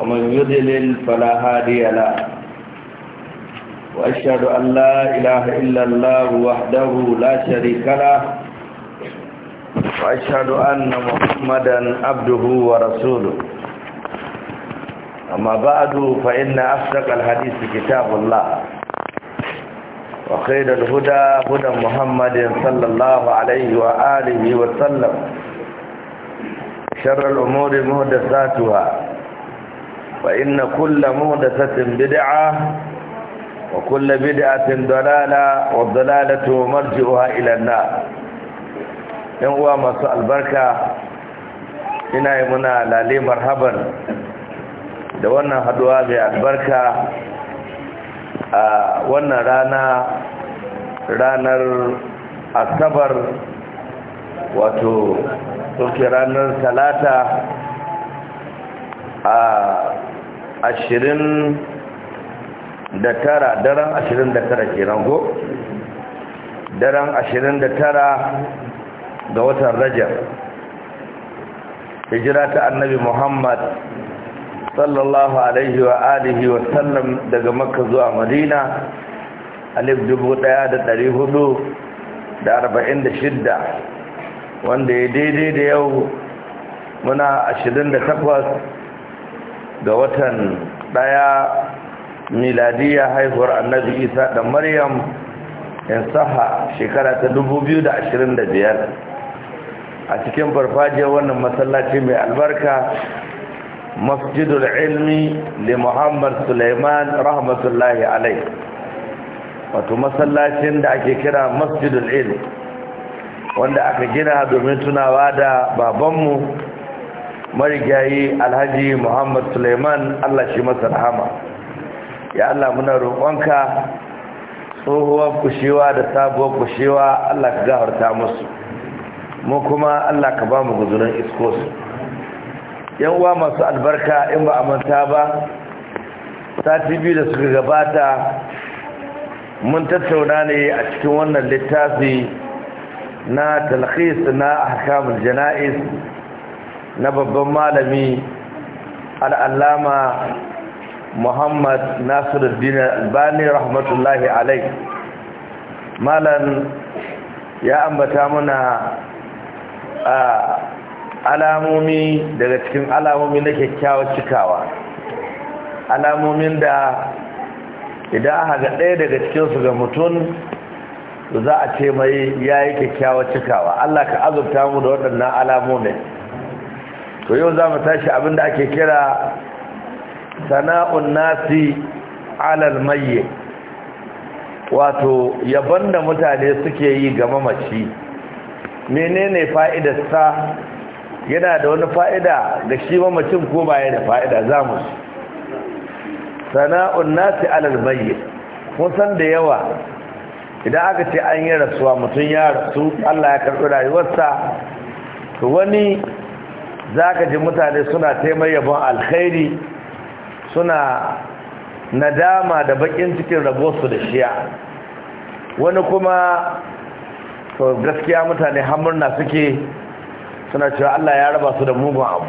ومن يضلل فلا هادي له وأشهد أن لا إله إلا الله وحده لا شريك له وأشهد أن محمدا عبده ورسوله أما بعد فإن أصدق الحديث كتاب الله وخير الهدى هدى محمد صلى الله عليه وآله وسلم شر الأمور مهدساتها فإن كل مهدثة بدعة وكل بدعة ضلالة والضلالة مرجعها إلى النار إن هو مساء البركة ina yi muna lale marhaban da wannan haduwa mai albarka a wannan rana ranar asabar wato ranar talata a ashirin da tara daren ashirin da tara ke rango daren ashirin da tara ga watan rajar hijira ta annabi muhammad sallallahu alaihi wa alihi wa sallam daga makka zuwa madina alif dubu daya da dari hudu da arba'in da shidda wanda ya daidai da yau muna ashirin da takwas ga watan ɗaya miladiya haihuwar annabi isa da maryam in saha shekara ta da biyar. a cikin farfajiyar wannan masallaci mai albarka masjidul ilmi li muhammad suleiman rahmatullahi alai wato masallacin da ake kira masjidul ilmi wanda aka gina domin tunawa da babanmu marigayi alhaji muhammad suleiman allah shi masa rahama ya allah muna roƙonka tsohuwar kushewa da sabuwar kushewa allah ka gafarta musu mu kuma allah ka ba mu guzurin iskosu yan uwa masu albarka in ba a manta ba sati biyu da suka gabata mun tattauna ne a cikin wannan littafi na talhis na ahkamul jana'is na babban malami al'allama muhammad nasiruddin albani rahmatullahi alai malam ya ambata muna alamomi daga cikin alamomi na kyakkyawar cikawa alamomin da idan aka ga ɗaya daga cikinsu ga mutum za a ce mai ya yi kyakkyawar cikawa allah ka azurta mu da waɗannan alamomin to yau za mu tashi abin da ake kira sana'un nasi alal mayye wato yabon da mutane suke yi ga mamaci menene sa yana da wani fa'ida ga shi mamacin ko baya da fa'ida za mu sana'un nasi alal mayye san da yawa idan aka ce an yi rasuwa mutum ya rasu Allah ya karɓi rayuwarsa to wani za ka ji mutane suna taimai yabon alkhairi suna nadama da bakin cikin rabosu da shiya wani kuma to gaskiya mutane hamurna suke suna cewa Allah ya raba su da mugun abu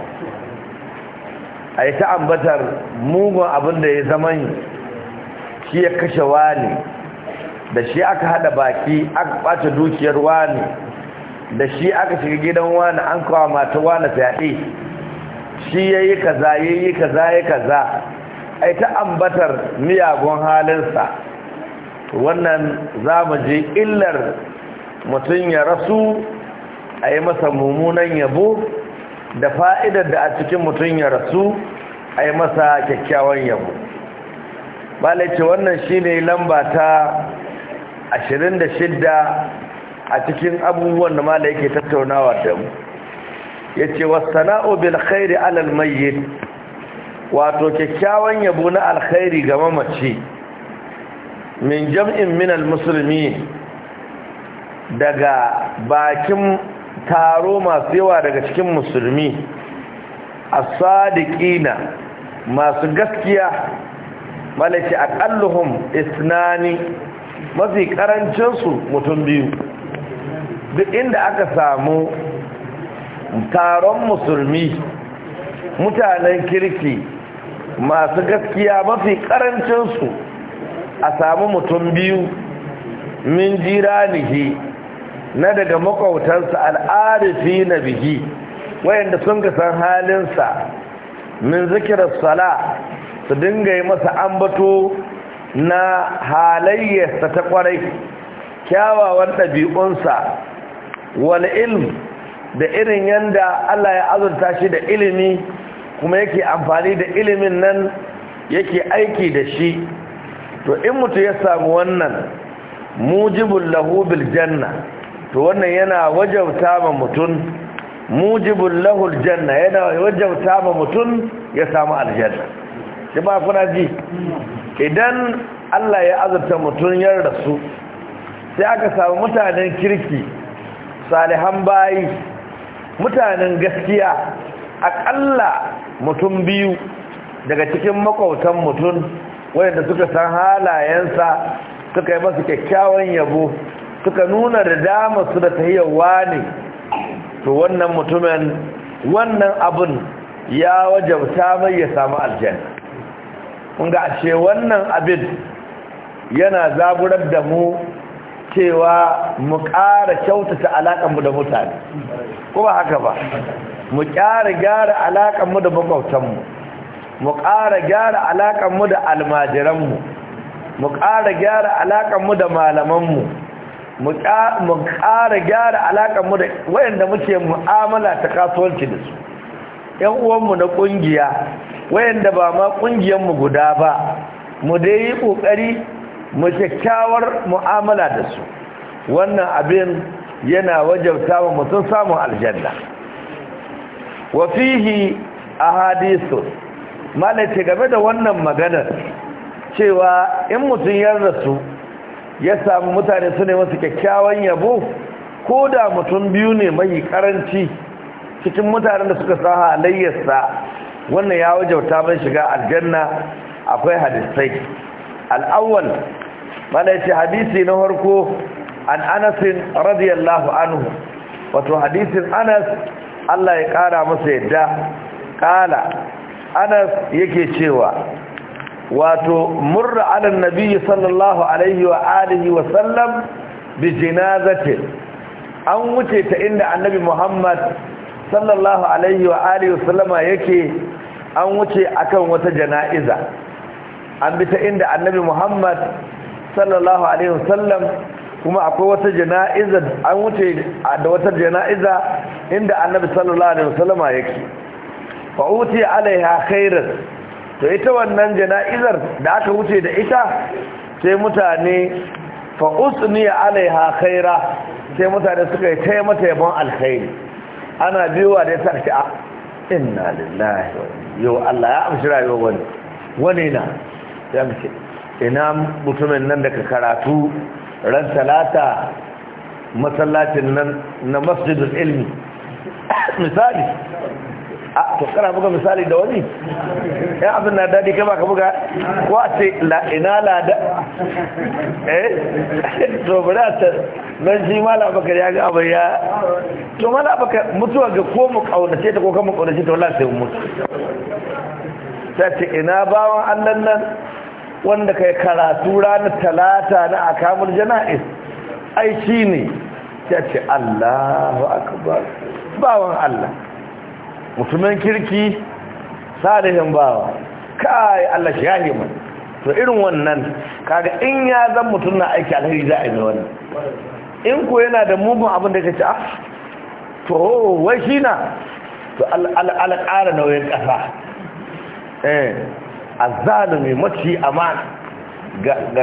a yi ta ambatar mugun abin da ya zama shi ya kashe wani da shi aka hada baki aka ɓace dukiyar wani da shi aka shiga gidan wani an kawo mata wani fyaɗe shi ya yi kaza ya yi kaza ya kaza ai ta ambatar miyagun halinsa wannan za mu je illar mutum ya rasu a yi masa mummunan yabo da fa'idar da a cikin mutum ya rasu a yi masa kyakkyawan yabo ba laice wannan shi ne lamba ta shida. a cikin abubuwan da mala yake tattaunawa da mu ya ce wasana'o bil khairi alal mayyit wato kyakkyawan yabo na alkhairi ga mamaci min jam'in minal musulmi daga bakin taro masu yawa daga cikin musulmi a sadiqina masu gaskiya malaki aqalluhum isnani mafi ƙarancinsu mutum biyu duk inda aka samu taron musulmi mutanen kirki masu gaskiya mafi karancinsu a samu mutum biyu min jiranihi na daga makwautarsa al'arifi na bihi wayanda sun ka san halinsa min zikirar sala su dinga yi masa ambato na halayyarsa ta kwarai kyawawan ɗabi'unsa Wani ilm da irin yanda Allah ya azurta shi da ilimi kuma yake amfani da ilimin nan yake aiki da shi to in mutu ya samu wannan mujibul lahu bil janna to wannan yana wajauta ma mutun mujibul lahu al janna yana wajauta ma mutun ya samu aljanna shi ba kuna ji idan Allah ya azurta mutun ya rasu sai aka samu mutanen kirki salihan bayi mutanen gaskiya akalla mutum biyu daga cikin makwautan mutum wanda suka san halayensa suka yi masu kyakkyawan yabo suka nuna da dama su da ta tahiyarwa ne to wannan mutumin wannan abin, ya wajabta mai ya samu aljihar kun ashe wannan abin yana zaburar da mu cewa mu ƙara kyautata alaƙanmu da mutane ko ba haka ba mu ƙara gyara alaƙanmu da makwabtanmu mu ƙara gyara alaƙanmu da almajiranmu mu ƙara gyara alaƙanmu da malamanmu mu ƙara gyara alaƙanmu da wayanda muke mu'amala ta kasuwanci da su ‘yan uwanmu na ƙungiya wayanda ba ma ƙungiyarmu guda ba mu dai yi ƙoƙari mu kyakkyawar mu'amala da su wannan abin yana wajabta wa mutum samun aljanna wa fihi ahadithu malaka game da wannan maganar cewa in mutum ya rasu ya samu mutane su ne masu kyakkyawan yabo ko da mutum biyu ne mai karanci cikin mutanen da suka sa halayyarsa wannan ya wajauta mai shiga aljanna akwai hadisai al'awwal mana yace hadisi na harko an anasin radiyallahu anhu wato hadisin Anas Allah ya kara masa yadda kala Anas yake cewa wato murra ala nabi sallallahu alaihi wa alihi wa sallam bi jinazatin an wuce ta inda annabi Muhammad sallallahu alaihi wa alihi wa sallama yake an wuce akan wata jana'iza an bi ta inda annabi muhammad sallallahu alaihi wasallam kuma akwai wata jana'iza an wuce da wata jana'iza inda annabi sallallahu alaihi wasallama yake fa uti alaiha khairan to ita wannan jana'izar da aka wuce da ita sai mutane fa usni alaiha khaira sai mutane suka yi taya mata yabon alkhairi ana biyuwa da yasa ta ah, inna lillahi wa yau Allah ya amshi rayuwar wani wani na sai ina mutumin nan daga karatu ran talata masallacin nan na masjidul ilmi misali a to kana buga misali da wani ya abin na dadi kai baka buga ko a ce la ina la da eh to bada ta nan shi mala baka ya ga abin ya to mala baka mutuwa ga ko mu kaunace ta ko kuma mu kaunace ta wallahi sai mu mutu sai ce ina bawan Allah nan wanda kai karatu ranar talata na akamul jana'is ai shi ne ya ce allahu akbar bawan allah Mutumin kirki salihin bawa kai allah shi yahi mai to irin wannan kaga in ya zan mutum na aiki alhari za a yi wannan in ko yana da mugun abin da ka ci ah to wai shi na to al'ala ƙara nauyin ƙasa eh azzalumi maci amana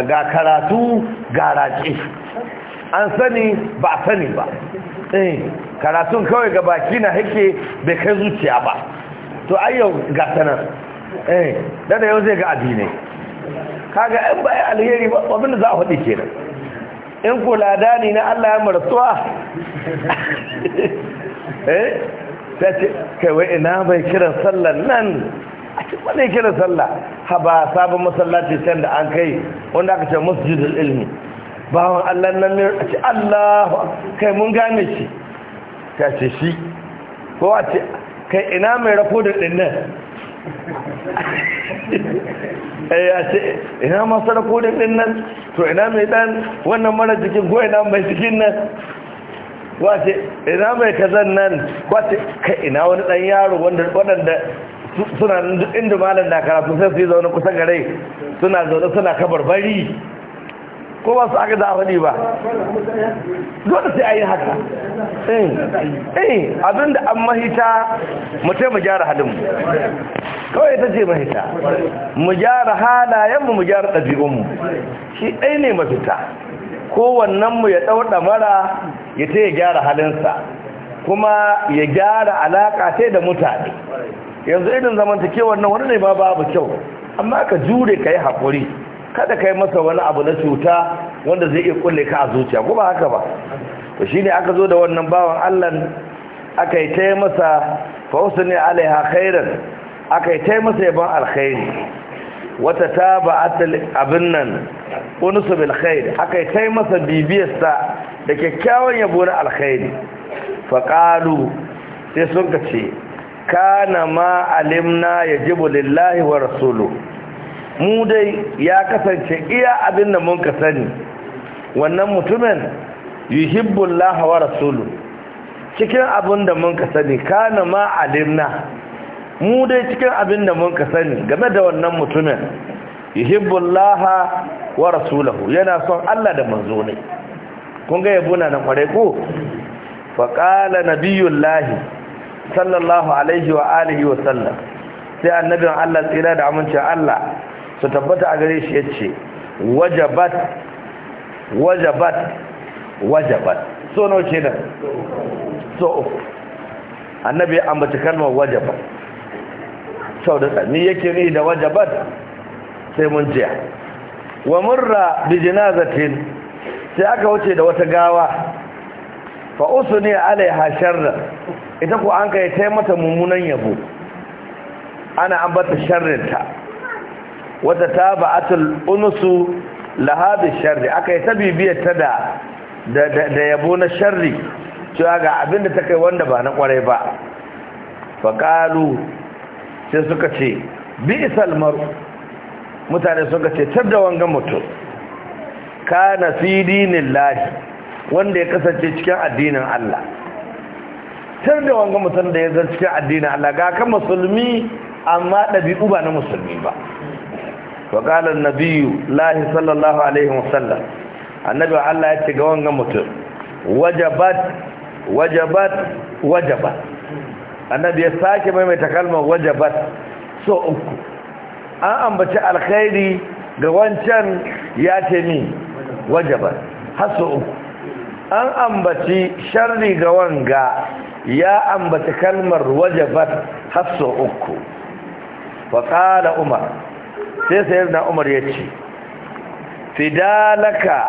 ga karatu ga an sani ba a sani ba eh, karatun kawai ga baki na hake bai kai zuciya ba to ayyau ga sanar eh, Da yau zai ga adinai kaga ba baya alheri ba za a haɗe kenan in kula dani na allah ya martuwa? eh ta ce wai ina mai kiran sallan nan a cikin wanda yake da sallah ha ba sabon masallaci can da an kai wanda aka ce masjidul ilmi bawan Allah nan ne a ce Allah kai mun gane shi ta ce shi ko a ce kai ina mai da din nan eh, A ce ina masu da din nan to ina mai dan wannan mara jikin ko ina mai jikin nan wace ina mai kazan nan wace kai ina wani dan yaro wanda suna inda malam na karatu sai su yi zaune kusa gare suna zaune suna kabar bari ko ba su aka ne ba dole sai a yi haka eh, eh abinda an mahita mu mu gyara mu kawai ta ce mahita mu gyara halayen mu gyara ɗabi'unmu shi ɗai ne mafita mu ya ɗauɗa mara ya ta ya gyara halinsa kuma ya gyara alaƙa sai da mutane yanzu irin zamantakewar nan wani ne ma babu kyau amma ka jure ka yi haƙuri kada ka yi masa wani abu na cuta wanda zai iya kulle ka a zuciya ko ba haka ba to shine aka zo da wannan bawan Allah aka yi tayi masa fawsani alaiha khairan aka yi tayi masa yaban alkhairi wata taba'at abin nan unsu bil khair aka yi tayi masa bibiyarsa da kyakkyawan yabo na alkhairi faqalu sai sun ka ce kana ma alimna ya jibu lillahi wa rasulu mu dai ya kasance iya abin da mun ka sani wannan mutumin yuhibbullahi wa rasulu cikin abin da mun ka sani kana ma alimna mu dai cikin abin da mun ka sani game da wannan mutumin yuhibbullaha wa rasulahu yana son Allah da manzo ne kun ga yabuna na kware ko faqala nabiyullahi sallallahu alaihi wa alihi wa sallam sai annabi Allah tsira da amincin Allah su tabbata a gare shi yace wajabat wajabat wajabat so no kenan so annabi ambaci kalmar wajabat sau da ni yake ni da wajabat sai mun jiya wa murra bi janazatin sai aka wuce da wata gawa fa usni alaiha sharra ita ko an kai tai mata mummunan yabo ana an bata ta wata ta unsu unusu lahadu sharri akai yi ta ta da da yabo na sharri cewa ga abinda ta kai wanda ba na kwarai ba qalu sai suka ce bi mar mutane suka ce da wanga mutum kana fi dinin lahi wanda ya kasance cikin addinin Allah tar da wanga mutum da ya cikin addinin Allah ga kan musulmi amma ɗabi'u ba na musulmi ba wa qala an-nabiyyu lahi sallallahu alaihi wasallam annabi Allah ya ce ga wanga mutum wajabat wajabat wajabat annabi ya sake maimaita kalmar wajabat so uku an ambaci alkhairi ga wancan ya ce ni wajabat har so uku an ambaci sharri ga wanga ya ambata kalmar wajabat hasso uku wa qala umar sai sayyidina umar yace fidalaka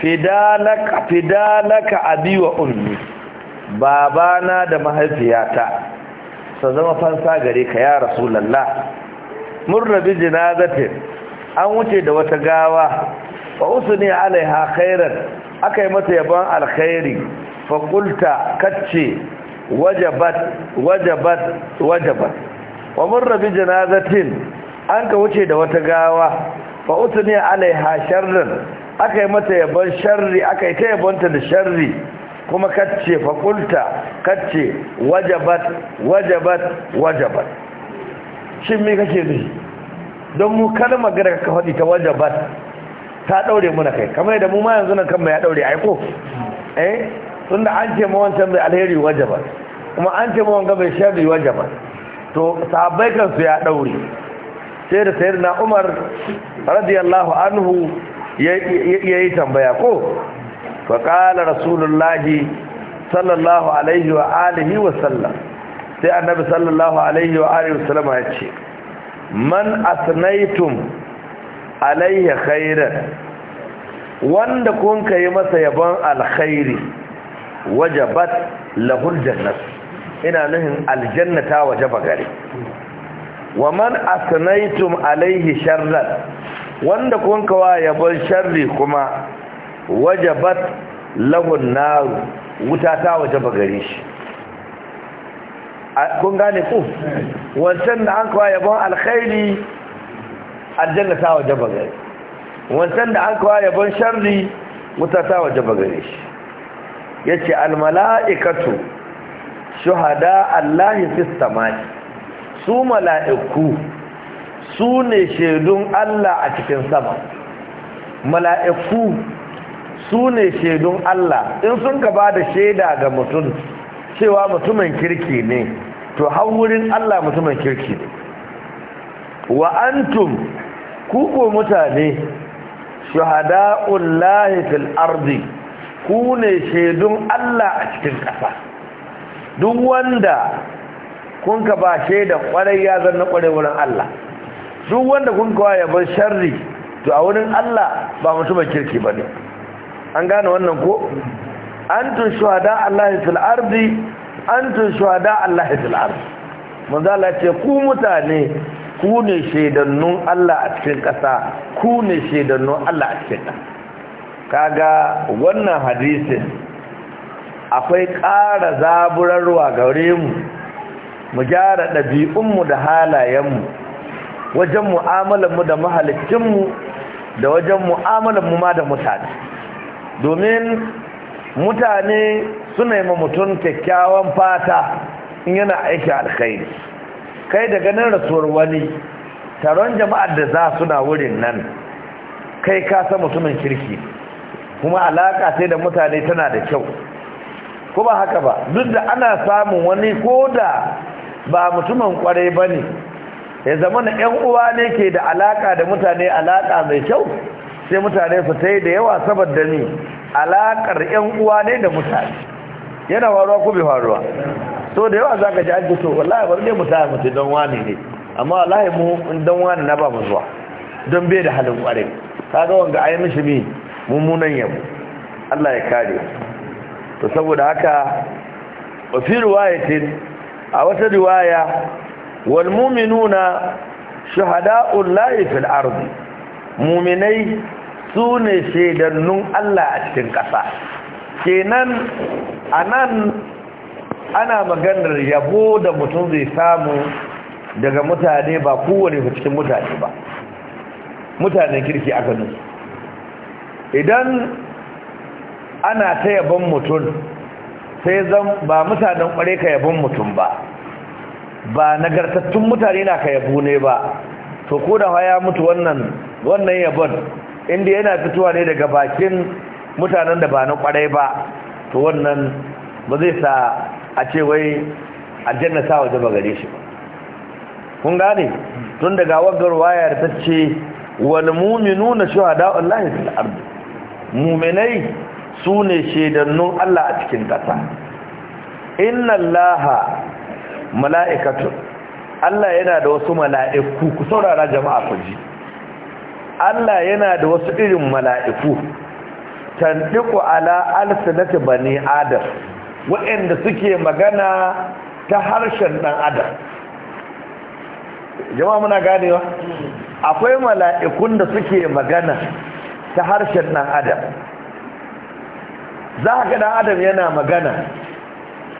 fidalaka fidalaka abi wa ummi babana da mahaifiyata su zama fansa gare ka ya rasulullah mun rabi jinazatin an wuce da wata gawa fa usni alaiha Aka yi mata yabon alkhairi faƙulta kacce wajabat wajabat wajabat wa murra janazatin an ka wuce da wata gawa fa utuni alaiha sharran aka yi mata yabon sharri aka yi ta yabonta da sharri kuma kacce faƙulta kacce wajabat wajabat wajabat shin me kake nufi don mu kalmar gada ka faɗi ta wajabat ta ɗaure muna kai kamar da mu ma yanzu nan kan ya ɗaure aiko eh tunda an ce ma wancan bai alheri wajaba kuma an ce ma wanga mai sharri wajaba to sahabbai kansu ya daure sai da na Umar radiyallahu anhu ya yi tambaya ko fa qala rasulullahi sallallahu alaihi wa alihi wa sallam sai annabi sallallahu alaihi wa alihi wa sallam ya ce man asnaitum alaihi khairan wanda kun kai masa yabon alkhairi wajabat lahul jannat ina nuhin aljannata wajaba gare wa man asnaytum alaihi sharran wanda kun kawa yabon sharri kuma wajabat lahun nar wuta ta wajaba gare shi kun gane ku wancan da an kawa yabon alkhairi aljannata wajaba gare wancan da an kawa yabon sharri wuta ta wajaba gare shi yace al mala'ikatu shuhada allahi fis samai su mala'iku su ne shaidun Allah a cikin sama mala'iku su ne shaidun Allah in sun ka da shaida ga mutum cewa mutumin kirki ne to har wurin Allah mutumin kirki ne wa antum ku mutane shuhadaun fil ardi ku ne shaidun Allah a cikin ƙasa duk wanda kun ka ba shaidan ƙwarai ya zanna ƙwarai wurin Allah duk wanda kun kawo ya bar sharri to a wurin Allah ba mutumin kirki ba ne an gane wannan ko an tun shuhada Allah fil ardi an tun shuhada Allah fil ardi manzo Allah ce ku mutane ku ne shaidannun Allah a cikin ƙasa ku ne shaidannun Allah a cikin ƙasa kaga wannan hadisin akwai ƙara zaburarwa gare mu mu gyara ɗabi'unmu da halayenmu wajen mu'amalanmu da mahalicinmu da wajen mu'amalanmu ma da mutane domin mutane suna yi mutum kyakkyawan fata in yana aiki alkhairi kai da ganin rasuwar wani taron jama'ar da za suna wurin nan kai ka san mutumin kirki kuma alaka sai da mutane tana da kyau ko ba haka ba duk da ana samun wani ko da ba mutumin kwarai ba ne ya zama na 'yan uwa ne ke da alaka da mutane alaka mai kyau sai mutane su ta yi da yawa saboda ni alakar 'yan uwa ne da mutane yana faruwa ko bai faruwa so da yawa za ka ji an fito wallahi bar ne mutane mutu don wani ne amma wallahi mu don wani na ba mu zuwa don bai da halin kwarai kaga wanga yi mishi mi mummunan yabo Allah ya kare to saboda haka wa fi riwayatin a wata riwaya wal mu'minuna shuhada'ul lahi fil ardi mu'minai sune shedannun Allah a cikin ƙasa kenan anan ana maganar yabo da mutum zai samu daga mutane ba kowane cikin mutane ba mutanen kirki aka nufi. idan ana ta yabon mutum sai zan ba mutanen kware ka yabon mutum ba ba nagartattun mutane na ka yabo ne ba to ko da ya mutu wannan wannan yabon inda yana fitowa ne daga bakin mutanen da ba na kwarai ba to wannan ba zai sa a ce wai aljanna sa waje ba gare shi kun gane tun daga wagar wayar ta ce wal mu'minuna shuhada'u lillahi fil ardh muminai su ne shaidannun Allah a cikin ƙasa inna allaha mala’ikatu, Allah yana da wasu mala'iku ku saurara jama'a ku ji Allah yana da wasu irin mala'iku tandiku ala alsinati bani adam waɗanda suke magana ta harshen ɗan adam jama'a muna ganewa akwai mala'ikun da suke magana ta harshen ɗan adam za ka ɗan adam yana magana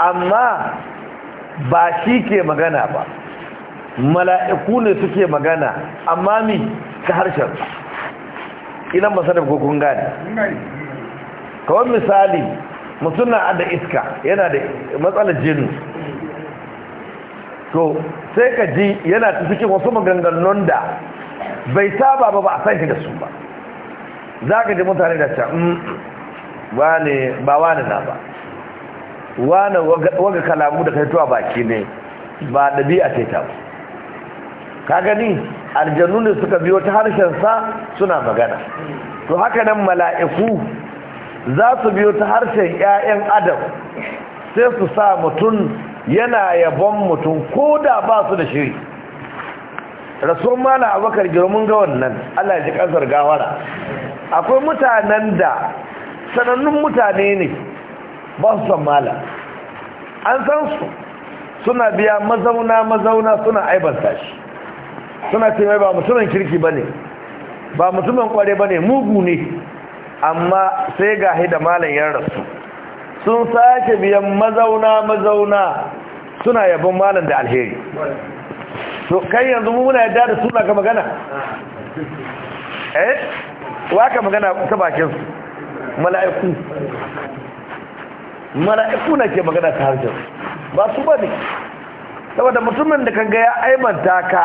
amma ba shi ke magana ba mala'iku ne suke magana amma mi ta harshen ilan masarar kokon gani kawai misali mutum ada iska yana da matsalar jini to sai ka ji yana ta cikin wasu maganganun da bai saba ba ba a san shi da su ba za ka ji mutane da can mm, ba wane na ba wane waga kalamu da kai towa baki ne ba a ce ta ka gani aljannu ne suka biyo ta sa suna magana to haka nan mala'iku za su biyo ta harshen 'ya'yan adam sai su sa mutum yana yabon mutum ko da ba su da shiri rasu mana abokar girman ga wannan allah ya ji kansar gawara akwai mutanen da sanannun mutane ne ba su san malam an san su suna biya mazauna mazauna suna aibanta shi suna ce mai ba mutumin kirki ba ne ba mutumin kware ba ne mugu ne amma sai ga da malam ya rasu sun sake biyan mazauna mazauna suna yabon malam da alheri to kan yanzu muna yadda da suna ka magana eh wa aka magana ta bakin su mala'iku mala'iku na ke magana ta harshen ba su ba ne saboda mutumin da ga ya aimanta ka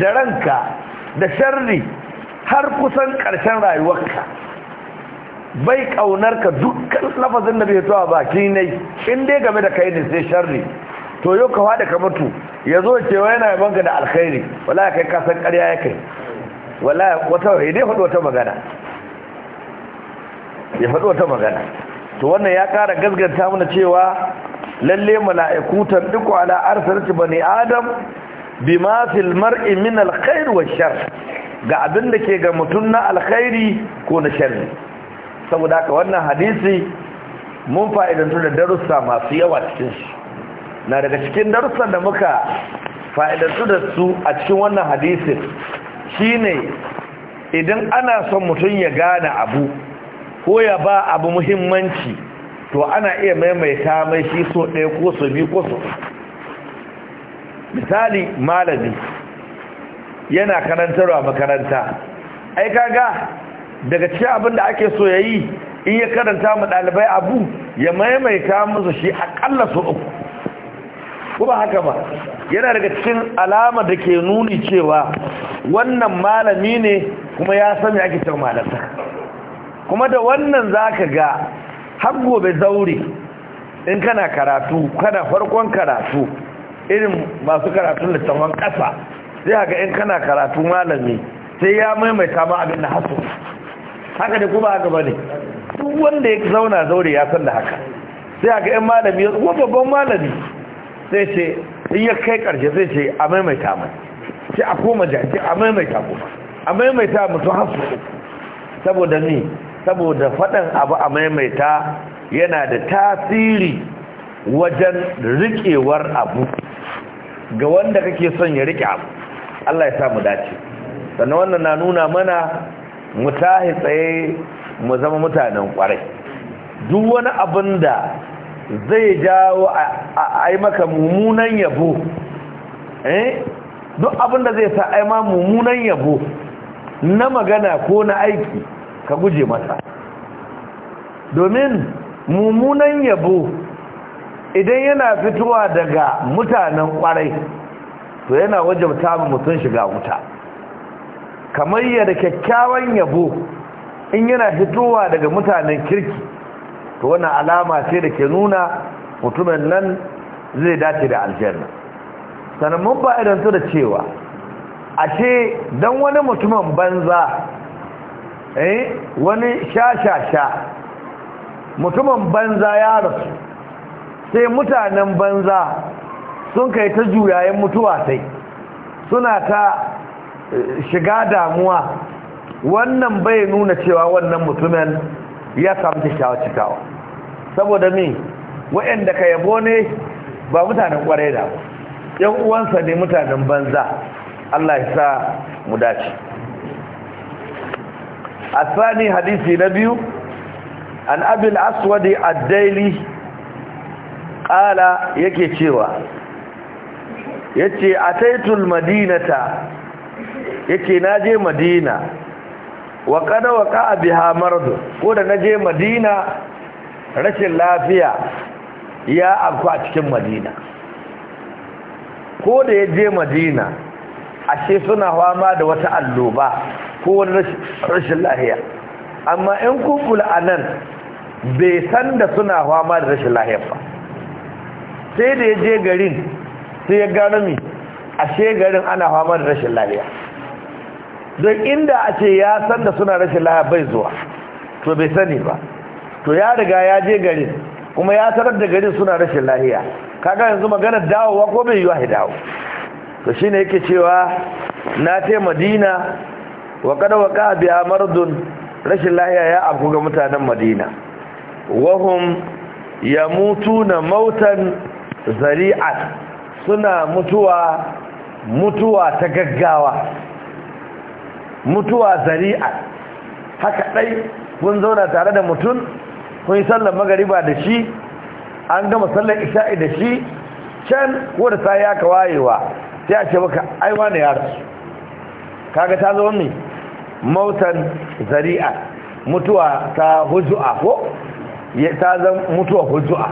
da ranka da sharri har kusan karshen rayuwarka bai kaunar ka dukkan lafazin da bai zuwa baki ne in dai game da kai ne sai sharri to yau ka ka mutu ya zo cewa yana banga da alkhairi wala kai kasan karya ya kai wala wata ya eh, wata magana ya faɗi wata magana to wannan ya ƙara gasganta mana cewa lalle mala'iku tandiku ala arsalati bani adam bima fil mar'i min alkhair wa shar ga abin da ke ga mutum na alkhairi ko na shar saboda haka wannan hadisi mun fa'idantu da darussa masu yawa cikin shi na daga cikin darussan da muka fa'idantu da su a cikin wannan hadisin ne idan ana son mutum ya gane abu ko ya ba abu muhimmanci to ana iya maimaita mai shi so ɗaya ko so biyu ko so misali malami yana karantarwa makaranta ai kaga daga cikin abin da ake so yayi in ya karanta mu ɗalibai abu ya maimaita musu shi aƙalla so uku Kuma haka ba yana daga cikin alama da ke nuni cewa wannan malami ne kuma ya sami ake cewa malasa kuma da wannan za ka ga har bai zaure in kana karatu kana farkon karatu irin masu karatun littafan ƙasa zai haka in kana karatu malami sai ya maimaita ma abin da haso haka da kuma haka ba ne duk wanda ya zauna zaure ya san da haka sai haka yan malami ya kuma babban malami sai ce iya kai karshe sai ce a maimaita mai ce a koma jaje a maimaita kuma a maimaita mutu hasu saboda ni saboda faɗin abu a maimaita yana da tasiri wajen rikewar abu ga wanda kake son ya rike abu Allah ya samu dace sannan wannan na nuna mana mutahi tsaye mu zama mutanen kwarai duk wani abin da zai jawo a yi maka mummunan yabo eh duk abinda zai sa aima ma mummunan yabo na magana ko na aiki ka guje mata. domin mummunan yabo idan yana fitowa daga mutanen kwarai to yana wajabta mu mutum shiga wuta kamar yadda kyakkyawan yabo in yana fitowa daga mutanen kirki to wannan alama ce da ke nuna mutumin nan zai dace da aljanna sannan mun ba to da cewa ashe don wani mutumin banza eh wani sha-sha-sha mutumin banza ya rasu sai mutanen banza sun kai ta juyayen mutuwa sai suna ta eh, shiga damuwa wannan bai nuna cewa wannan mutumin ya samu cikawa cikawa saboda min wa'anda ka yabo ne ba mutanen kwarai da ba yan uwansa ne mutanen banza Allah ya sa mu dace asani hadisi na biyu an abil aswadi ad-daili qala yake cewa yace ataitul madinata yake naje madina wa kada wa ka biha mardu ko da je madina rashin lafiya ya afku a cikin madina ko da ya je madina ashe suna fama da wata alloba ko wani rashin lahiya amma in kukula a nan bai san da suna fama da rashin lahiya ba sai da ya je garin sai ya gano mi ashe garin ana fama da rashin lahiya don inda a ce ya san da suna rashin lahiya bai zuwa to bai sani ba to ya riga ya je garin kuma ya sanar da garin suna rashin lahiya kaga yanzu maganar dawowa ko bai yiwa ya dawo to ne yake cewa na te madina wa kada wa ka a mardun rashin lahiya ya afku ga mutanen madina wahum na mautan zari'at suna mutuwa mutuwa ta gaggawa mutuwa zari'a haka ɗai kun zauna tare da mutum kun yi sallar magariba da shi an gama sallar isha'i da shi can wadda ta yi aka wayewa sai a ce maka aiwa ya rasu kaga ta zo ne mautan zari'a mutuwa ta hujju'a ko ta zan mutuwa hujju'a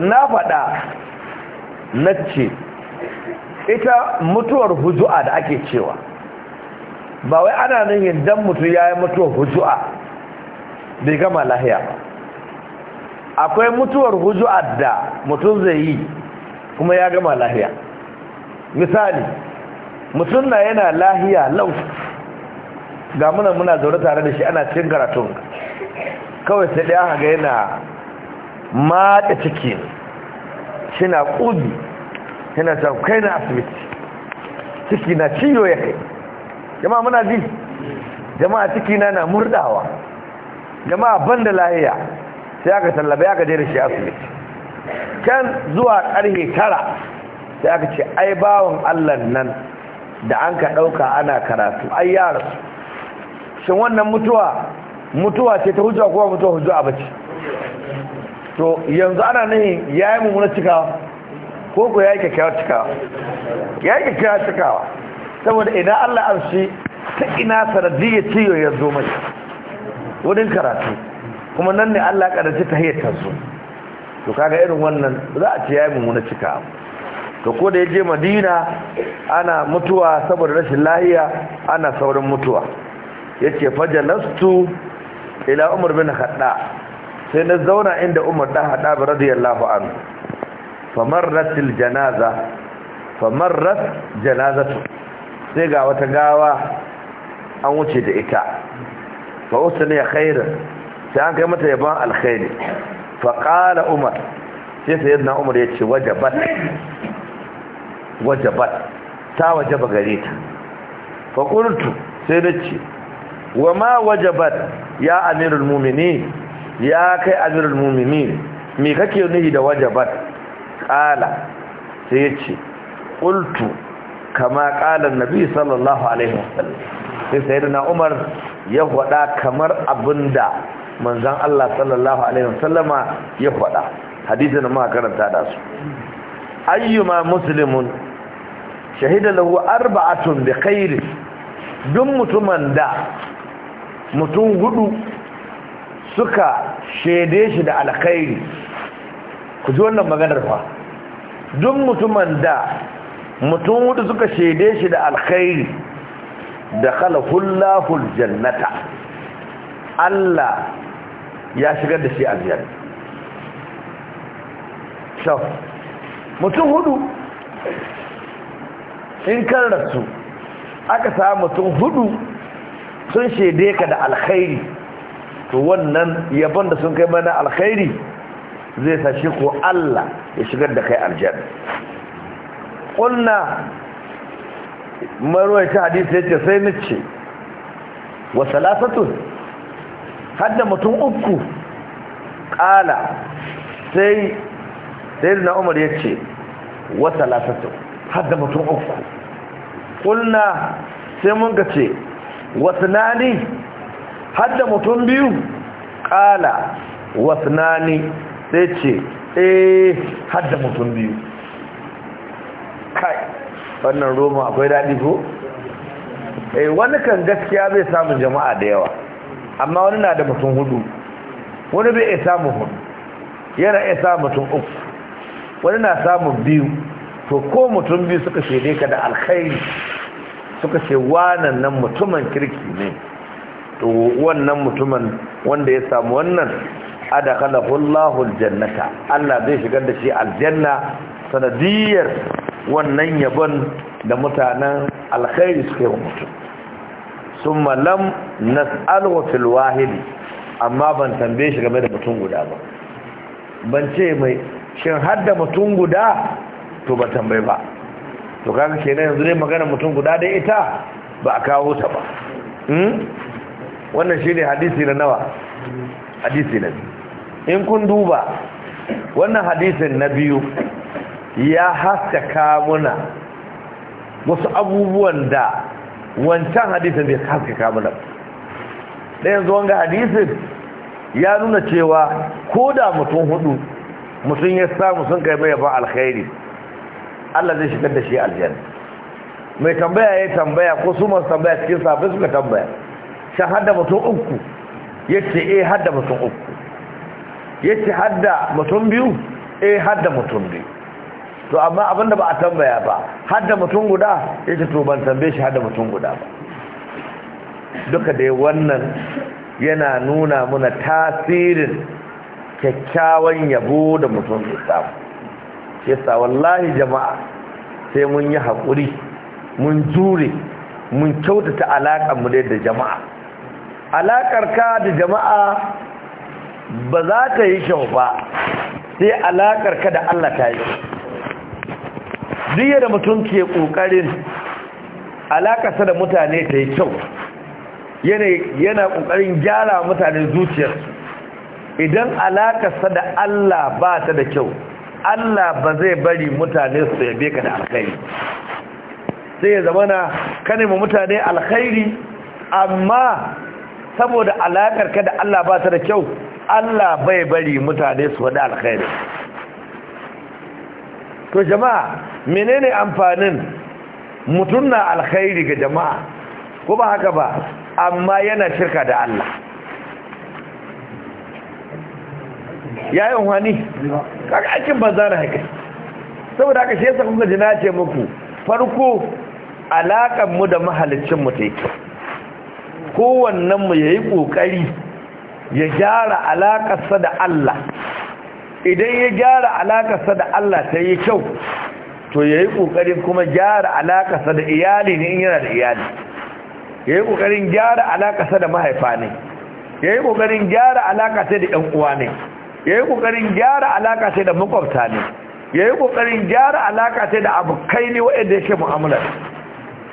na faɗa na ce ita mutuwar hujju'a da ake cewa ba wai ana nan yadda mutum ya yi mutuwar hujju'a bai gama lahiya ba akwai mutuwar hujju'a da mutum zai yi kuma ya gama lahiya misali mutum na yana lahiya lau ga muna muna zaune tare da shi ana cin karatun kawai sai ɗaya haga yana maɗa ciki shi na ƙudi yana can kai na asibiti ciki na ciyo ya kai jama'a muna ji jama'a ciki na na murdawa jama'a ban da lahiya sai aka sallaba ya gaje da shi asibiti can zuwa karhe tara sai aka ce ai bawon allah nan da an ka ɗauka ana karatu ai yara shin wannan mutuwa mutuwa ce ta hujja kuma mutuwa hujja ba ce to yanzu ana nahi ya yi mummuna cikawa ko ko ya yi kyakkyawa cikawa ya yi cikawa saboda idan Allah amshi ta ina sanadiyya ciyo ya zo mai wurin karatu kuma nan ne Allah karanci ta hayyata tazo to kaga irin wannan za a ce yayi mummuna cika to ko da yaje Madina ana mutuwa saboda rashin lahiya ana saurin mutuwa yace fajalastu ila Umar bin Khadda sai na zauna inda Umar da Khattab radiyallahu anhu famarratil janaza famarrat janazatu sai ga wata gawa an wuce da ita fa usni ya khairin sai an kai mata yaban alkhairi fa qala umar sai yadda umar ya ce wajabat wajabat ta wajaba gare ta fa qultu sai ce wa ma wajabat ya amirul mumini ya kai amirul mumini me kake nuhi da wajabat qala sai ya ce qultu kama ƙalar nabi sallallahu alaihi wasallam sai sayyidina umar ya faɗa kamar abinda manzon Allah sallallahu alaihi wasallama ya faɗa hadisin ma karanta da su ayyuma muslimun shahida lahu arba'atun bi khair Dun mutuman da mutum hudu suka shaide shi da alkhairi ku ji wannan maganar fa Dun mutuman da mutum hudu suka shaide shi da alkhairi da khalafullahu jannata Allah ya shigar da shi aljanna shaf mutum hudu in kan rasu aka sa mutum hudu sun shaide ka da alkhairi to wannan yabon da sun kai mana alkhairi zai sashi ko Allah ya shigar da kai aljanna ƙunna ta hadisi ya ce sai ni ce wa salasatun hadda mutum uku ƙala sai sai na umar ya ce wa salasatun hadda mutum uku ƙunna sai mun ga ce wasu nani hadda mutum biyu ƙala wasu nani sai ce eh hadda mutum biyu wannan Roma akwai daɗi ko eh wani kan gaskiya bai samun jama'a da yawa amma wani na da mutum hudu wani bai iya samun hudu yana iya samun mutum uku wani na samun biyu to ko mutum biyu suka dai ka da alkhairi suka ce wannan nan mutumin kirki ne to wannan mutumin wanda ya samu wannan adakalahu aljannata Allah zai shigar da shi aljanna sanadiyar wannan yabon da mutanen alkhairi suke wa mutum sun malam na alwafil wahili amma ban tambaye shi game da mutum guda ba ban ce mai shin hadda mutum guda to ba tambaye ba to ke kenan yanzu ne magana mutum guda da ita ba a kawo ta ba hmm? wannan shi ne hadisi na nawa hadisi na biyu in kun duba wannan hadisin na biyu ya haskaka muna wasu abubuwan da wancan hadisin bai haskaka muna ɗayan zuwan ga hadisin ya nuna cewa ko da mutum hudu mutum ya samu sun kai mai ba alkhairi Allah zai shigar da shi aljihar mai tambaya ya tambaya ko su masu tambaya cikin safi suka tambaya shan hada mutum uku ya ce eh hada mutum uku ya ce hada mutum biyu eh hada mutum biyu to amma abinda ba a tambaya ba har da mutum guda ya ce to ban tambaye shi har da mutum guda ba duka dai wannan yana nuna muna tasirin kyakkyawan yabo da mutum su samu yasa wallahi jama'a sai mun yi haƙuri mun jure mun kyautata alaƙar mu da jama'a alaƙar ka da jama'a ba za ta yi kyau ba sai alaƙar ka da Allah ta yi ziyar da mutum ke ƙoƙarin alaƙasa da mutane ta yi kyau yana ƙoƙarin gyara mutane zuciyar idan alaƙasa da Allah ba ta da kyau Allah ba zai bari mutane su yabe ka da alkhairi sai ya zama na kanima mutane alkhairi amma saboda alakar ka da Allah ba ta da kyau Allah bai bari mutane su wada alkhairi to jama'a menene amfanin mutum na alkhairi ga jama'a ko ba haka ba amma yana shirka da Allah yayin wani kaga aikin banza na haka saboda haka shi yasa kuma jina ce muku farko alakan mu da mahalicin mu take kowannen mu yayi kokari ya gyara alakarsa da Allah idan ya gyara alakarsa da Allah ta yi kyau to yayi yi ƙoƙarin kuma gyara alaƙasa da iyali ne in yana da iyali ya yi ƙoƙarin gyara alaƙasa da mahaifa ne ya yi ƙoƙarin gyara alaƙasa da ‘yan uwa ne ya yi ƙoƙarin gyara alaƙasa da makwabta ne ya yi ƙoƙarin gyara alaƙasa da abokai ne waɗanda yake mu'amala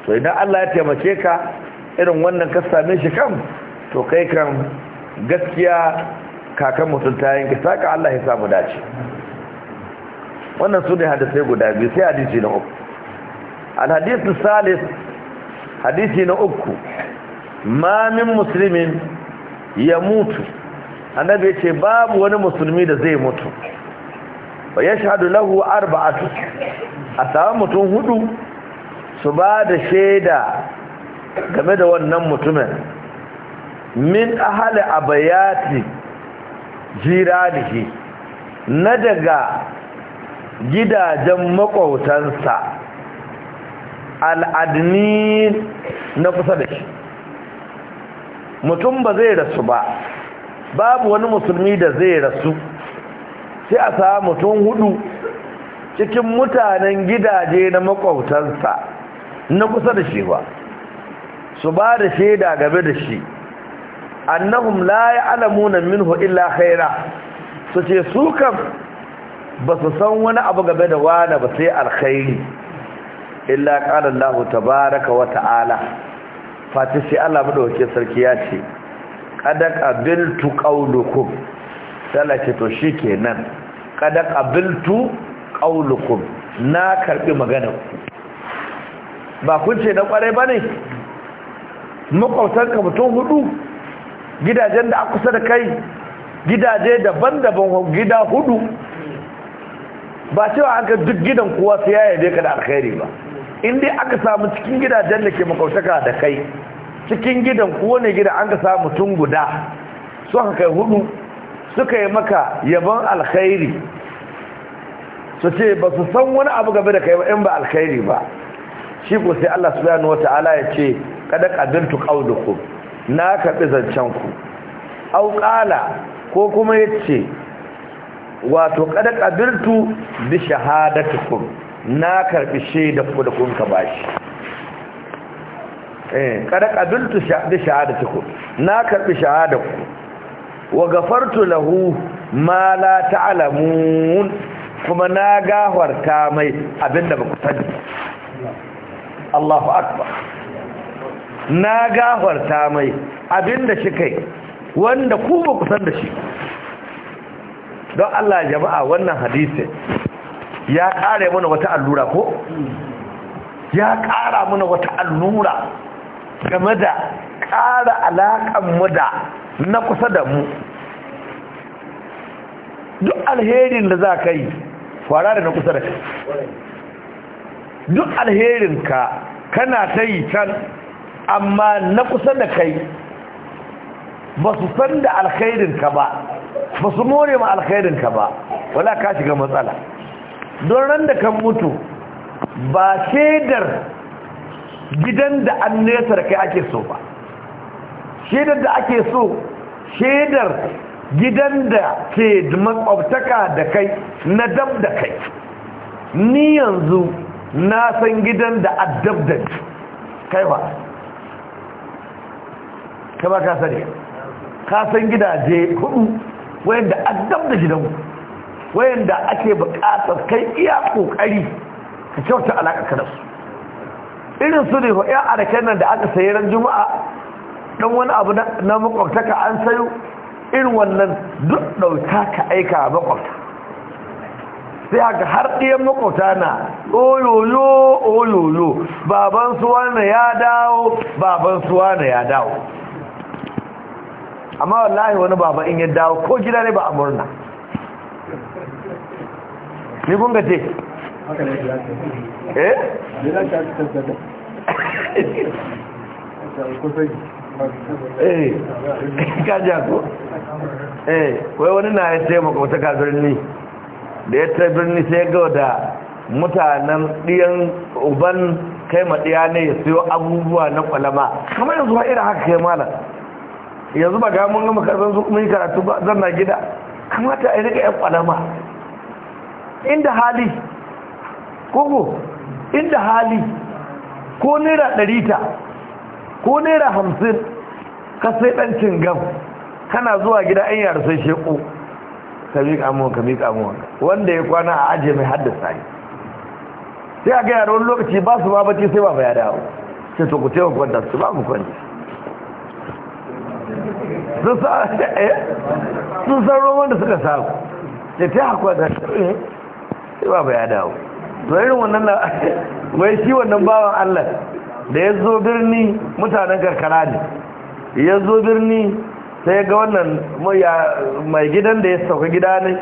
to idan Allah ya taimake ka irin wannan ka same shi kan to kai kan gaskiya kakan ta yanke saka Allah ya samu dace wannan su ne hadisai guda biyu sai hadisi na uku alhadisu salis hadisi na uku mamin min musulmin ya mutu annabi ya ce babu wani musulmi da zai mutu wa ya shahadu lahu arba'atu a samun mutum hudu su ba da shaida game da wannan mutumin min ahali abayati jiranihi na daga gidajen makwautansa al’adini na kusa da shi mutum ba zai rasu ba babu wani musulmi da zai rasu sai a sa mutum hudu cikin mutanen gidaje na makwautansa na kusa da shi ba su ba da shaida gabe da shi annahum la ya'lamuna minhu illa khaira su ce su kan. ba su san wani abu game da wane ba sai alkhairi illa qala Allah tabaaraka wa ta'ala fati sai Allah dauke sarki ya ce qad qabiltu qawlukum sai ce to shikenan qad qabiltu qawlukum na karɓi magana. ba kun ce na kwarai bane ka mutum hudu gidajen da a kusa da kai gidaje daban-daban gida hudu ba cewa aka duk gidan kowa su ya yabe ka da alkhairi ba in dai aka samu cikin gidajen da ke makautaka da kai cikin gidan kowa ne gidan an ka samu tun guda suka kai hudu suka yi maka yabon alkhairi su ce ba su san wani abu gaba da kai ba in ba alkhairi ba shi ko sai Allah subhanahu wataala ya ce kada qadintu qawlukum na kabi zancen ku au qala ko kuma yace wato kada kabirtu bi shahadatukum na karbi shaida ku da kun ka bashi eh kada kabirtu bi shahadatukum na karbi shahadaku wa gafartu lahu ma la ta'lamun kuma na gafarta mai abinda ba ku sani Allahu akbar na gafarta mai abinda shi kai wanda ku ba ku san da shi don Allah jama'a wannan hadisi ya kare mana wata allura ko ya kara mana wata allura game da kara alaƙan mu da na kusa da mu duk alherin da za ka yi fara da na kusa da kai duk alherin ka kana ta yi can amma na kusa da kai ba su san da alherin ka ba ba su more ma ka ba wala ka shiga matsala don ran da kan mutu ba shaidar gidan da an nesar kai ake so ba shaidar da ake so shaidar gidan da ke makwabtaka da kai na dab da kai ni yanzu na san gidan da addab kai ba ka ba ka sani ka san gidaje hudu wayanda addab da gidanmu wayanda ake buƙatar kai iya kokari ka kyauta alaƙa da su irin su ne ya araken nan da aka sayi ran juma'a dan wani abu na makwabtaka an sayo irin wannan duk ɗauka ka aika makwabta sai haka har ɗiyan makwabta na oyoyo oyoyo baban suwa na ya dawo baban suwa na ya dawo amma wallahi wani baba in ya dawo ko gida ne ba a murna ni kun gace eh eh ko eh wai wani na ya taimaka ta wata birni da ya ta birni sai ga da mutanen ɗiyan uban kai maɗiya ne ya siyo abubuwa na kwalama kamar yanzu ba irin haka kai malam yanzu ba ga mun gama karfin su kuma yi karatu ba zan na gida kamata a yi rika 'yan kwalama inda hali koko inda hali ko naira ɗari ta ko naira hamsin ka sai ɗan cingam kana zuwa gida an yara sai sheku ka miƙa amuwa ka miƙa amuwa wanda ya kwana a ajiye mai haddasa yi sai a ga yara wani lokaci ba su ma bacci sai ba ba ya dawo sai to ku ku kwanta su ba mu kwanta Eh, sun san roman da suka samu da ta da shi eh, ba ba ya dawo to irin wannan na mai shi wannan bawan allah da ya zo birni mutanen karkara ne ya zo birni sai ya ga wannan mai gidan da ya sauka gida ne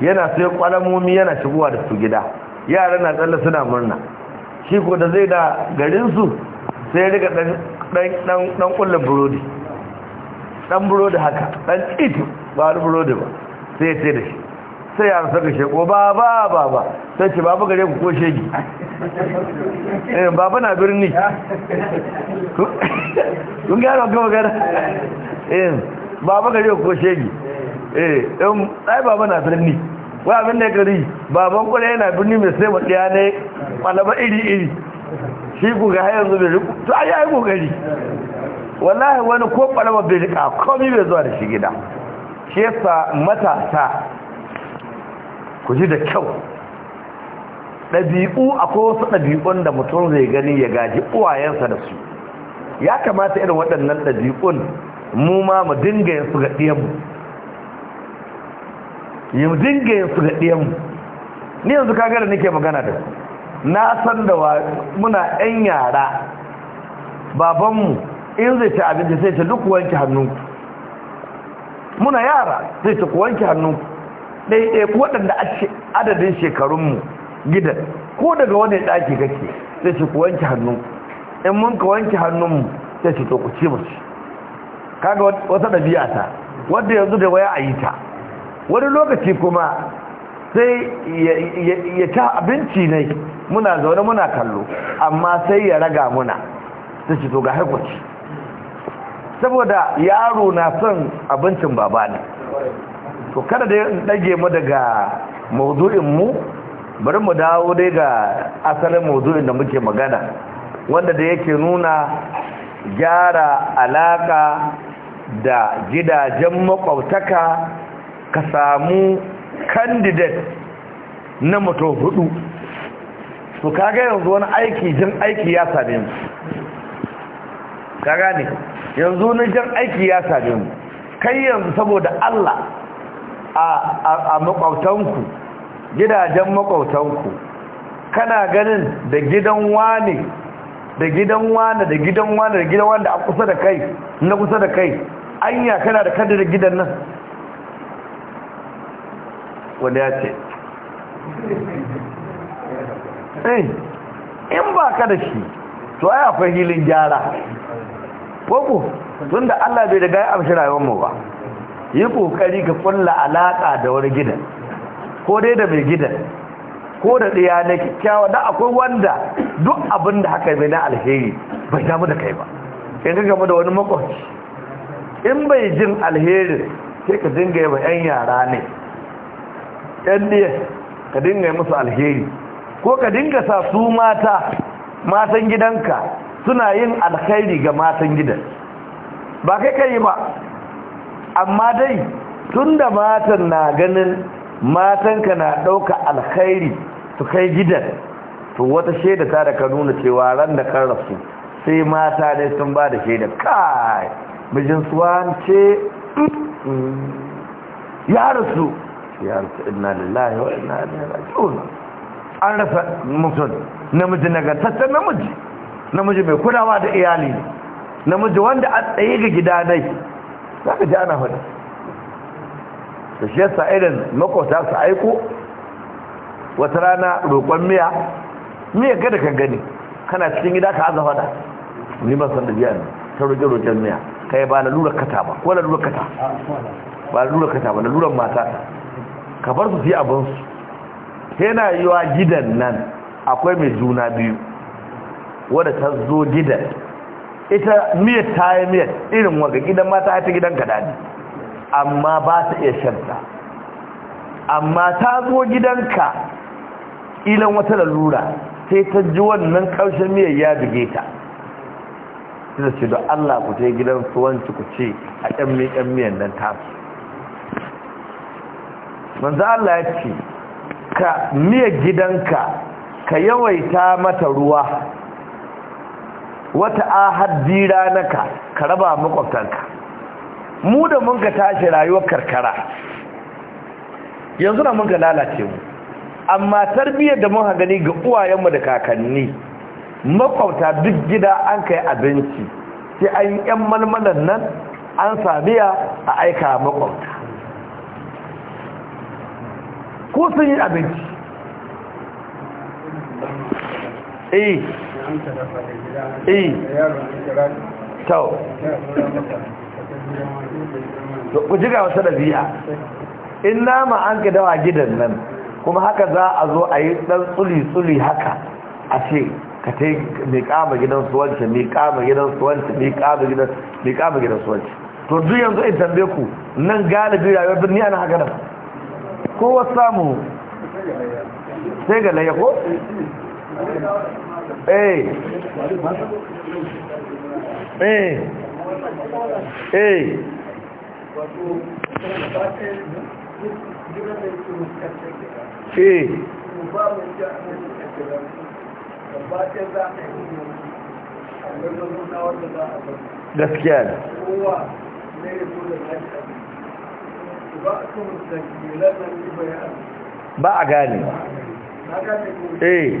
yana sai kwalamomi yana shigowa da su gida yara na tsalle suna murna shi ko da zai da garinsu sai ya riga dan kullum burodi dan burodi haka dan tsit ba wani burodi ba sai ya ce da shi sai ya saka ko ba ba ba ba sai ce babu gare ku ko shegi eh babu na birni kun gano ga gara eh babu gare ku ko shegi eh dan ai babu na birni wai abin da gari baban kula yana birni mai sai mutiya ne malaba iri iri shi ku ga har yanzu bai to ai ai kokari wallahi wani ko kwalama bai rika komi bai zuwa da shi gida shi yasa matasa ku ji da kyau ɗabi'u akwai wasu ɗabi'un da mutum zai gani ya gaji uwayensa da su ya kamata irin waɗannan ɗabi'un mu ma mu dinga yansu ga ɗiyanmu mu dinga yansu ga ɗiyanmu ni yanzu kaga da nake magana da na san da muna 'yan yara babanmu in zai ci abinci sai ta duk wanke hannunku muna yara sai ta ku wanke hannunku ɗaiɗai ku waɗanda adadin shekarunmu gidan ko daga wani ɗaki kake sai ta ku wanke hannunku in mun ka wanke hannunmu sai ta to ku ci mu ci kaga wata ɗabi'a ta wadda yanzu da waya a yi ta wani lokaci kuma sai ya ta abinci ne muna zaune muna kallo amma sai ya raga muna ta ci to ga haikwaci saboda yaro na son abincin baba ne to kada da dage mu daga maudu'in mu bari mu dawo dai ga asalin maudu'in da muke magana wanda da yake nuna gyara alaka da gidajen maƙwabtaka, ka samu candidate na mutum hudu su kaga yanzu wani aiki jin aiki ya same su ka gane yanzu na jan aiki ya same mu kai yanzu saboda Allah a makwautanku gidajen makwautanku kana ganin da gidan wane da gidan wane da gidan wane da gidan wane da a kusa da kai na kusa da kai anya kana da kadar gidan nan wanda ya ce eh, in ba ka da shi to ai akwai hilin gyara koko tun da Allah bai riga ya amshi mu ba yi kokari ka kulla alaƙa da wani gidan ko dai da mai gidan ko da ɗaya na kyakkyawa da akwai wanda duk abin da haka mai na alheri bai damu da kai ba in ka gama da wani makwabci in bai jin alherin sai ka dinga yi ba 'yan yara ne 'yan ɗiyar ka dinga yi musu alheri ko ka dinga sa su mata matan gidanka suna yin alkhairi ga matan gidan ba kai kai ba amma dai tunda matan na ganin matanka na ɗauka alkhairi su kai gidan to wata shaida ta da ka nuna cewa ran da kan rasu sai mata ne sun ba da shaida kai mijin suwan ce mm, ya rasu ya rasu inna lillahi wa inna ilaihi raji'un an rasa mutum namiji nagartaccen namiji namiji mai kudawa da iyali namiji wanda a tsaye ga gida nai za ka ji ana hudu da shi yasa irin makwata su aiko wata rana roƙon miya miya gada ka gani kana cikin gida ka aza hada ni ba san da biya ne ta roƙe roƙen miya kai ba na lura kata ba ko na lura kata ba na lura kata ba na lura mata ka bar su fi abinsu yana yiwa gidan nan akwai mai juna biyu wadda ta zo gidan ita miyar ta yi miyar irin waga gidan mata haifi gidan kadadi amma ba ta iya shanta amma ta zo gidanka ilan wata lalura sai ta ji wannan karshen miyar ya buge ta ta ce don allah ku ta gidan suwanci ku ce a ƙyanmi miyan nan tasu manzan allah ya ce ka miyar gidanka ka yawaita mata ruwa wata ahaddi ranaka ka raba makwabtanka mu da mun ka tashi rayuwar karkara yanzu na mun ka lalace mu amma tarbiyyar da mun gani ga uwayenmu da kakanni makwabta duk gida an kai abinci sai an yi yan malmalan nan an samiya a aika makwabta ko sun yi abinci eh eh to ku jiga da biya. in nama an ka dawa gidan nan kuma haka za a zo a yi dan tsuli-tsuli haka a ce ka ta mai kama gidan suwanci mai kama gidan suwanci mai kama gidan mai kama gidan suwanci to duk yanzu in tambe ku nan galibi yawon birni ana haka nan wasu samu sai ga layako eh eh eh eh gaskiya ne ba a gane eh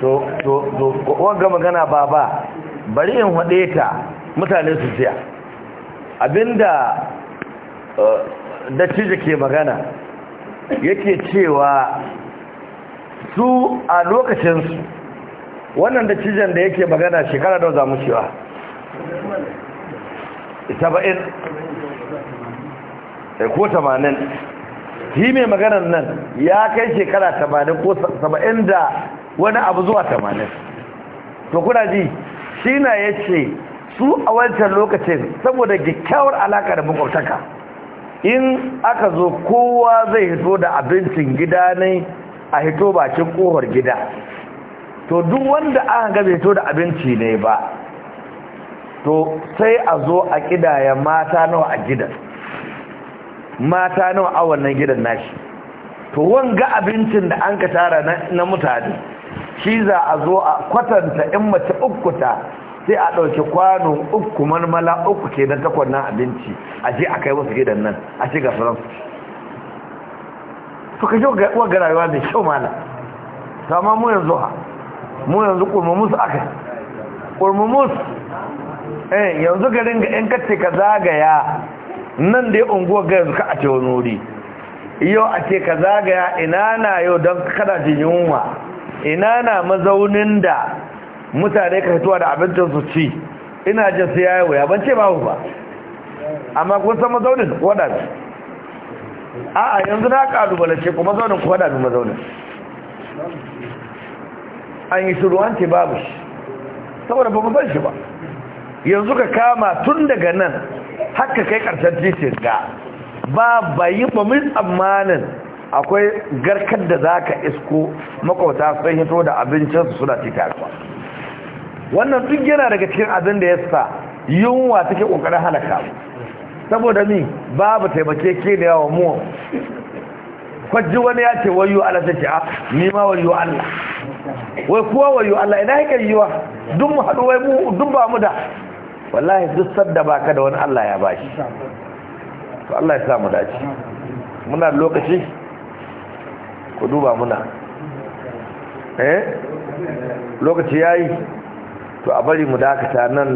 to to to wanga magana baba bari in hade ta mutane su tsaya abinda uh, da cije ke magana yake cewa su a lokacinsu wannan da cijen da yake magana shekara da zamu cewa saba'in eh, ko tamanin shi mai maganar nan ya kai shekara tamanin ko saba'in da wani abu zuwa tamanin to kuna ji shi na ya ce su a wancan lokacin saboda kyakkyawar alaka da makwabtaka in aka zo kowa zai hito da abincin gida ne a hito bakin kohar gida to duk wanda aka gaza hito da abinci ne ba to sai a zo a kidaya mata nawa a gidan mata nawa a wannan gidan nashi to wanga abincin da an ka tara na mutane shi za a zo a kwatanta in mace ta sai a ɗauki kwano uku marmala uku ke na takwannan abinci a je a kai wasu gidan nan a ce ga sauran su ka shi wa rayuwa mai kyau mana sama mu yanzu ha mu yanzu kurmumus aka kurmumus eh yanzu garin ga yan kace ka zagaya nan da ya unguwa ga yanzu ka a ce wani wuri yau a ce ka zagaya ina na yau don kada jin yunwa ina na mazaunin da mutane ka fitowa da abincin su ci ina jin su yayi waya ban ce babu ba amma kun san mazaunin wada a'a yanzu na kalubalace ku mazaunin ku wada mazaunin an yi shiru an ce babu shi saboda ba mu san shi ba yanzu ka kama tun daga nan haka kai karshen titin ga ba bayi ba mun tsammanin akwai garkar da za ka isko makwauta sun hito da abincinsu suna tikarwa wannan duk yana daga cikin abin da ya sa yunwa take ƙoƙarin halaka saboda mi babu taimake ke da yawa mu kwaji wani ya ce wayo Allah ta ce a ah, nima wayo Allah wai kuwa wayo Allah ina hikar yiwa duk mu haɗu wai mu duk ba mu da wallahi duk sadda baka da wani Allah ya bashi to Allah ya sa mu dace muna lokaci ku duba muna eh lokaci yayi to a bari mu dakata nan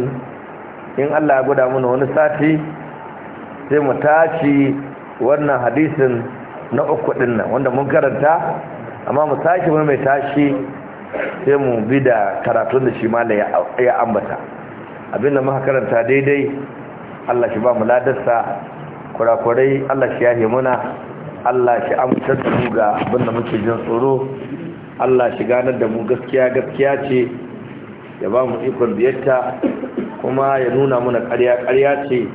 in Allah ya gwada mana wani sati sai mu tashi wannan hadisin na uku din nan wanda mun karanta amma mu sake mu mai tashi sai mu bi da karatun da shi mala ya ambata abinda muka karanta daidai Allah shi ba mu ladarsa kurakurai Allah shi yahe muna Allah shi amintar da mu ga abin da muke jin tsoro Allah shi ganar da mu gaskiya gaskiya ce ya ba mu ikon biyarta kuma ya nuna mana ƙarya ƙarya ce